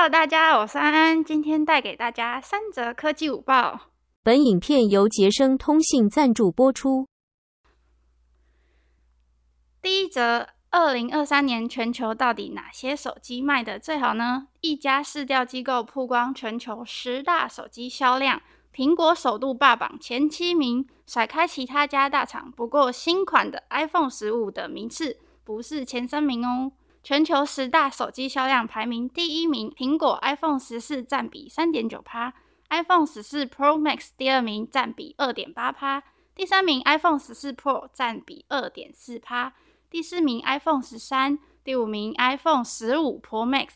Hello，大家，我是安安，今天帶給大家三則科技午報。本影片由傑生通信贊助播出。第一則：二零二三年全球到底哪些手機賣得最好呢？一家市調機構曝光全球十大手機銷量，蘋果首度霸榜前七名，甩開其他家大廠。不過新款的 iPhone 十五的名次不是前三名哦。全球十大手機銷量排名，第一名蘋果 iPhone 十四占比三點九趴，iPhone 十四 Pro Max 第二名，占比二點八趴，第三名 iPhone 十四 Pro 占比二點四趴，第四名 iPhone 十三，第五名 iPhone 十五 Pro Max，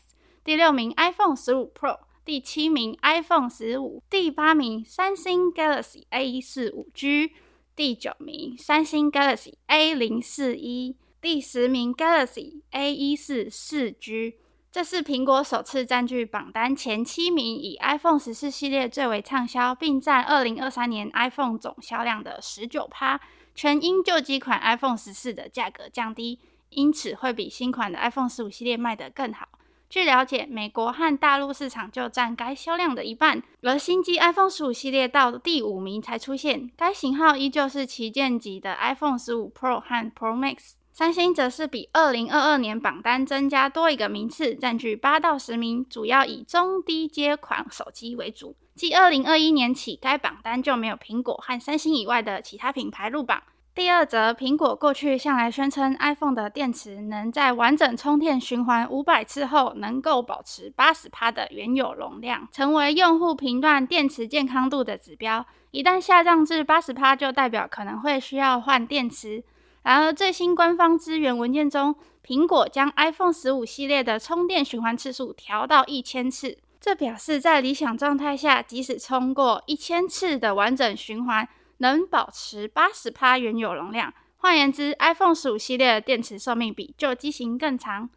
第六名 iPhone 十五 Pro，第七名 iPhone 十五，第八名三星 Galaxy A 四五 G，第九名三星 Galaxy A 零四一。第十名 Galaxy A 一四四 G，這是蘋果首次占據榜單前七名，以 iPhone 十四系列最為暢銷，並占二零二三年 iPhone 總銷量的十九趴。全因舊機款 iPhone 十四的價格降低，因此會比新款的 iPhone 十五系列賣得更好。據了解，美國和大陸市場就占該銷量的一半，而新機 iPhone 十五系列到第五名才出現，該型號依舊是旗艦級的 iPhone 十五 Pro 和 Pro Max。三星則是比二零二二年榜單增加多一個名次，佔據八到十名，主要以中低階款手機為主。繼二零二一年起，該榜單就沒有蘋果和三星以外的其他品牌入榜。第二則，蘋果過去向來宣稱，iPhone 的電池能在完整充電循環五百次後，能夠保持八十%的原有容量，成為用戶評斷電池健康度的指標。一旦下降至八十%，就代表可能會需要換電池。然而，最新官方資源文件中，蘋果將 iPhone 十五系列的充電循環次數調到一千次。這表示在理想狀態下，即使充過一千次的完整循環，能保持八十趴原有容量。換言之，iPhone 十五系列的電池壽命比舊機型更長。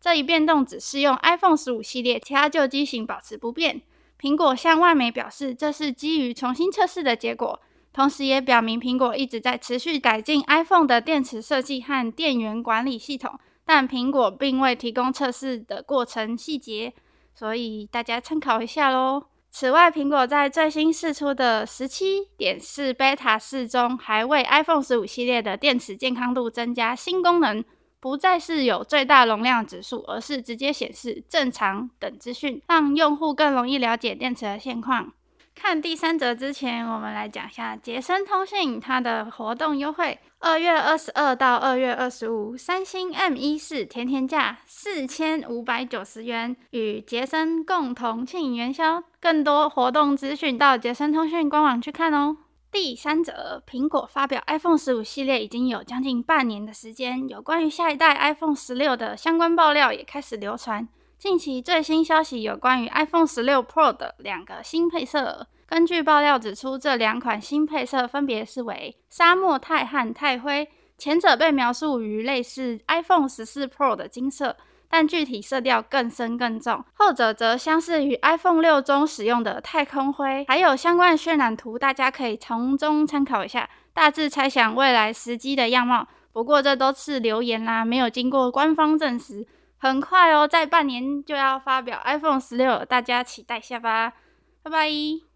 這一變動只適用 iPhone 十五系列，其他舊機型保持不變。蘋果向外媒表示，這是基於重新測試的結果。同時也表明，蘋果一直在持續改進 iPhone 的電池設計和電源管理系統，但蘋果並未提供測試的過程細節，所以大家參考一下嘍。此外，蘋果在最新釋出的17.4 Beta 4中，還為 iPhone 15系列的電池健康度增加新功能，不再是有最大容量指數，而是直接顯示正常等資訊，讓用戶更容易了解電池的現況。看第三折之前，我們來講一下傑森通訊它的活動優惠。二月二十二到二月二十五，三星 M14 甜甜價四千五百九十元，與傑森共同慶元宵。更多活動資訊到傑森通訊官網去看哦。第三者，蘋果發表 iPhone 十五系列已經有將近半年的時間，有關於下一代 iPhone 十六的相關爆料也開始流傳。近期最新消息，有關於 iPhone 十六 Pro 的兩個新配色。根據爆料指出，這兩款新配色分別是為沙漠鈦和鈦灰，前者被描述於類似 iPhone 十四 Pro 的金色，但具體色調更深更重；後者則相似於 iPhone 六中使用的太空灰。還有相關渲染圖，大家可以從中參考一下，大致猜想未來時機的樣貌。不過這都是流言啦，沒有經過官方證實。很快哦，再半年就要發表 iPhone 16，大家期待一下吧，拜拜。